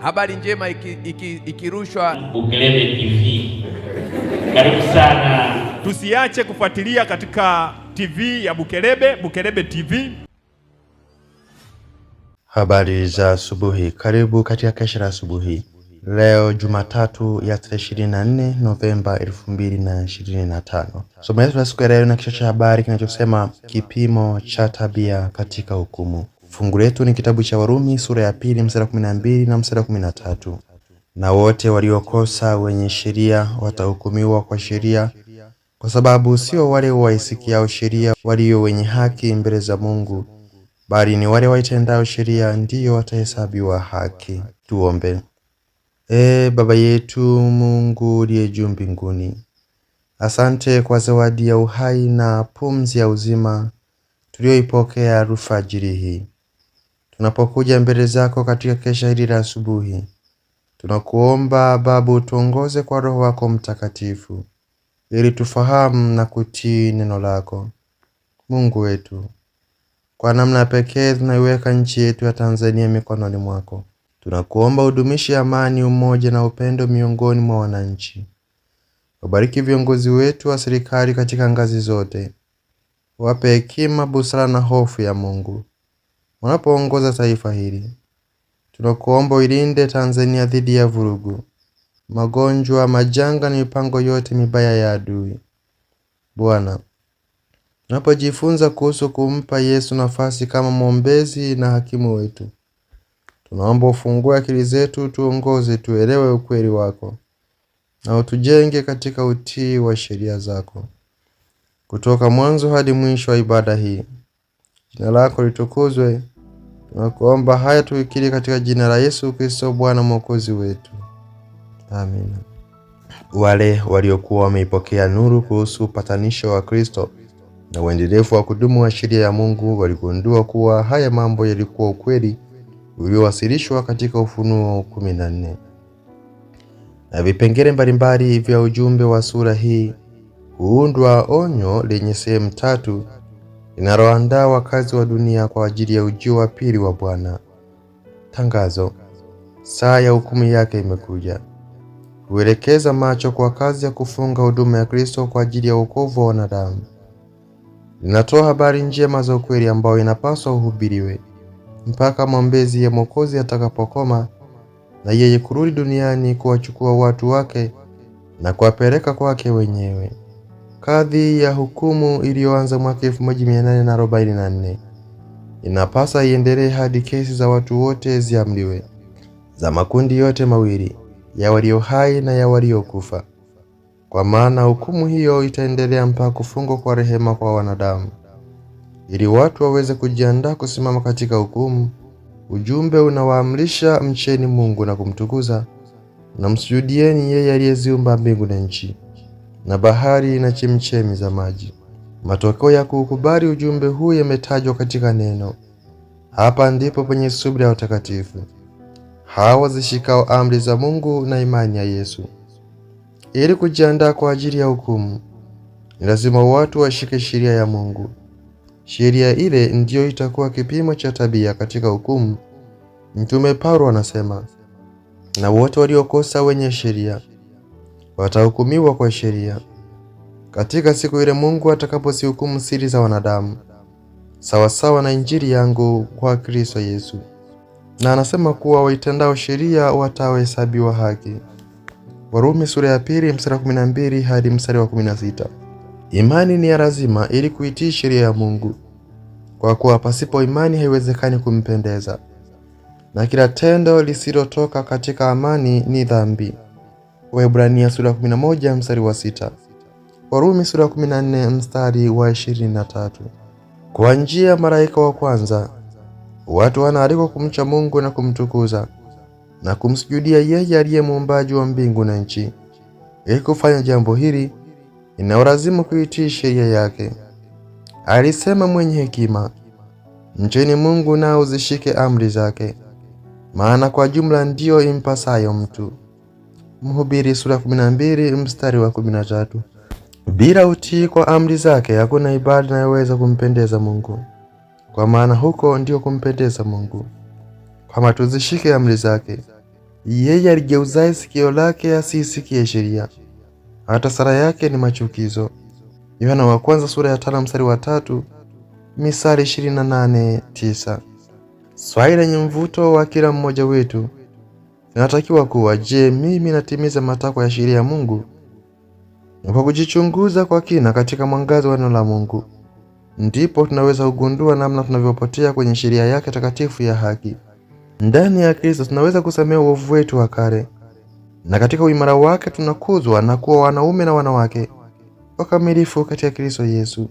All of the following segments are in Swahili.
Habari njema ikirushwa iki, iki Bukelebe TV. Karibu sana, tusiache kufuatilia katika TV ya Bukelebe, Bukelebe TV. Habari za asubuhi, karibu katika kesha la asubuhi leo Jumatatu ya tarehe 24 Novemba 2025. Somo letu la siku ya leo na kichwa cha habari kinachosema kipimo cha tabia katika hukumu. Fungu letu ni kitabu cha Warumi sura ya pili mstari 12 na mstari 13, na wote waliokosa wenye sheria watahukumiwa kwa sheria, kwa sababu sio wale waisikiao sheria walio wenye haki mbele za Mungu, bali ni wale waitendao sheria ndiyo watahesabiwa haki. Tuombe. E Baba yetu Mungu uliye juu mbinguni, asante kwa zawadi ya uhai na pumzi ya uzima tuliyoipokea alfajiri hii tunapokuja mbele zako katika kesha hili la asubuhi. Tunakuomba babu tuongoze kwa Roho wako Mtakatifu ili tufahamu na kutii neno lako. Mungu wetu, kwa namna pekee tunaiweka nchi yetu ya Tanzania mikononi mwako. Tunakuomba udumishi amani, umoja na upendo miongoni mwa wananchi. Wabariki viongozi wetu wa serikali katika ngazi zote, wape hekima, busara na hofu ya Mungu unapoongoza taifa hili. Tunakuomba uilinde Tanzania dhidi ya vurugu, magonjwa, majanga na mipango yote mibaya ya adui. Bwana, tunapojifunza kuhusu kumpa Yesu nafasi kama mwombezi na hakimu wetu, tunaomba ufungue akili zetu, tuongoze, tuelewe ukweli wako na utujenge katika utii wa sheria zako. Kutoka mwanzo hadi mwisho wa ibada hii Jina lako litukuzwe. Tunakuomba haya tuikiri katika jina la Yesu Kristo Bwana mwokozi wetu, amina. Wale waliokuwa wameipokea nuru kuhusu upatanisho wa Kristo na uendelevu wa kudumu wa sheria ya Mungu waligundua kuwa haya mambo yalikuwa ukweli uliowasilishwa katika Ufunuo kumi na nne. Na vipengele mbalimbali vya ujumbe wa sura hii huundwa onyo lenye sehemu tatu linaloandaa wakazi wa dunia kwa ajili ya ujio wa pili wa Bwana. Tangazo: saa ya hukumu yake imekuja. Huelekeza macho kwa kazi ya kufunga huduma ya Kristo kwa ajili ya wokovu wa wanadamu. Linatoa habari njema za ukweli ambayo inapaswa uhubiriwe mpaka mwombezi ya Mwokozi atakapokoma na yeye kurudi duniani kuwachukua watu wake na kuwapeleka kwake wenyewe. Kadhi ya hukumu iliyoanza mwaka 1844 inapasa iendelee hadi kesi za watu wote ziamliwe, za makundi yote mawili, ya walio hai na ya waliokufa, kwa maana hukumu hiyo itaendelea mpaka kufungwa kwa rehema kwa wanadamu, ili watu waweze kujiandaa kusimama katika hukumu. Ujumbe unawaamrisha mcheni Mungu na kumtukuza na msujudieni yeye aliyeziumba mbingu na nchi na bahari na chemchemi za maji. Matokeo ya kuukubali ujumbe huu yametajwa katika neno. Hapa ndipo penye subira ya watakatifu hawa zishikao amri za Mungu na imani ya Yesu. Ili kujiandaa kwa ajili ya hukumu, ni lazima watu washike sheria ya Mungu. Sheria ile ndiyo itakuwa kipimo cha tabia katika hukumu. Mtume Paulo anasema, na wote waliokosa wenye sheria watahukumiwa kwa sheria katika siku ile Mungu atakapozihukumu siri za wanadamu sawasawa na Injili yangu kwa Kristo Yesu. Na anasema kuwa waitendao sheria watahesabiwa haki. Warumi sura ya pili mstari wa 12 hadi mstari wa 16. Imani ni ya lazima ili kuitii sheria ya Mungu, kwa kuwa pasipo imani haiwezekani kumpendeza, na kila tendo lisilotoka katika amani ni dhambi. Waebrania sura ya 11 mstari wa sita. Warumi sura ya 14 mstari wa 23. Kwa njia ya malaika wa kwanza watu wanaalikwa kumcha Mungu na kumtukuza na kumsujudia yeye aliye muumbaji wa mbingu na nchi. Ili kufanya jambo hili inaolazimu kuitii sheria yake. Alisema mwenye hekima, mcheni Mungu na uzishike amri zake, maana kwa jumla ndiyo impasayo mtu. Mhubiri sura ya 12 mstari wa 13. Bila utii kwa amri zake hakuna ibada inayoweza kumpendeza Mungu, kwa maana huko ndio kumpendeza Mungu kwamba tuzishike amri zake. Yeye aligeuzaye sikio lake asiisikie sheria, hata sara yake ni machukizo. Yohana wa kwanza sura ya tano mstari wa tatu misari 28 9. Swali lenye mvuto wa kila mmoja wetu Inatakiwa kuwa je, mimi natimiza matakwa ya sheria ya Mungu? Kwa kujichunguza kwa kina katika mwangaza wa neno la Mungu, ndipo tunaweza kugundua namna tunavyopotea kwenye sheria yake takatifu ya haki. Ndani ya Kristo tunaweza kusamea uovu wetu wa kale, na katika uimara wake tunakuzwa na kuwa wanaume na wanawake wakamilifu katika Kristo Yesu.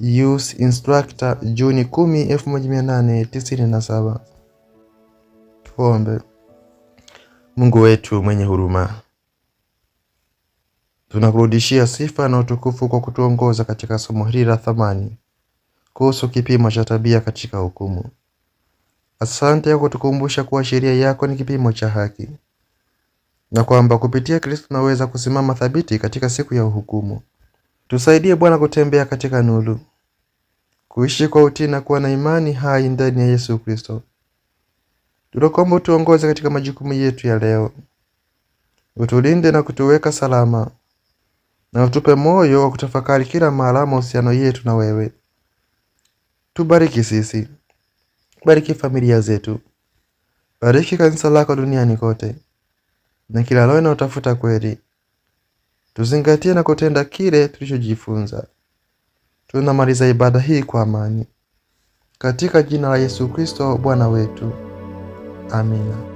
Youth Instructor, Juni 10, 1897. Tuombe. Mungu wetu mwenye huruma, tunakurudishia sifa na utukufu kwa kutuongoza katika somo hili la thamani kuhusu kipimo cha tabia katika hukumu. Asante kwa kutukumbusha kuwa sheria yako ni kipimo cha haki na kwamba kupitia Kristo tunaweza kusimama thabiti katika siku ya uhukumu. Tusaidie Bwana kutembea katika nuru, kuishi kwa utii na kuwa na imani hai ndani ya Yesu Kristo tunakuomba utuongoze katika majukumu yetu ya leo, utulinde na kutuweka salama, na utupe moyo wa kutafakari kila mara mahusiano yetu na wewe. Tubariki sisi, bariki familia zetu, bariki kanisa lako duniani kote, na kila roho inayotafuta kweli. Tuzingatie na kutenda kile tulichojifunza. Tunamaliza ibada hii kwa amani, katika jina la Yesu Kristo Bwana wetu. Amin.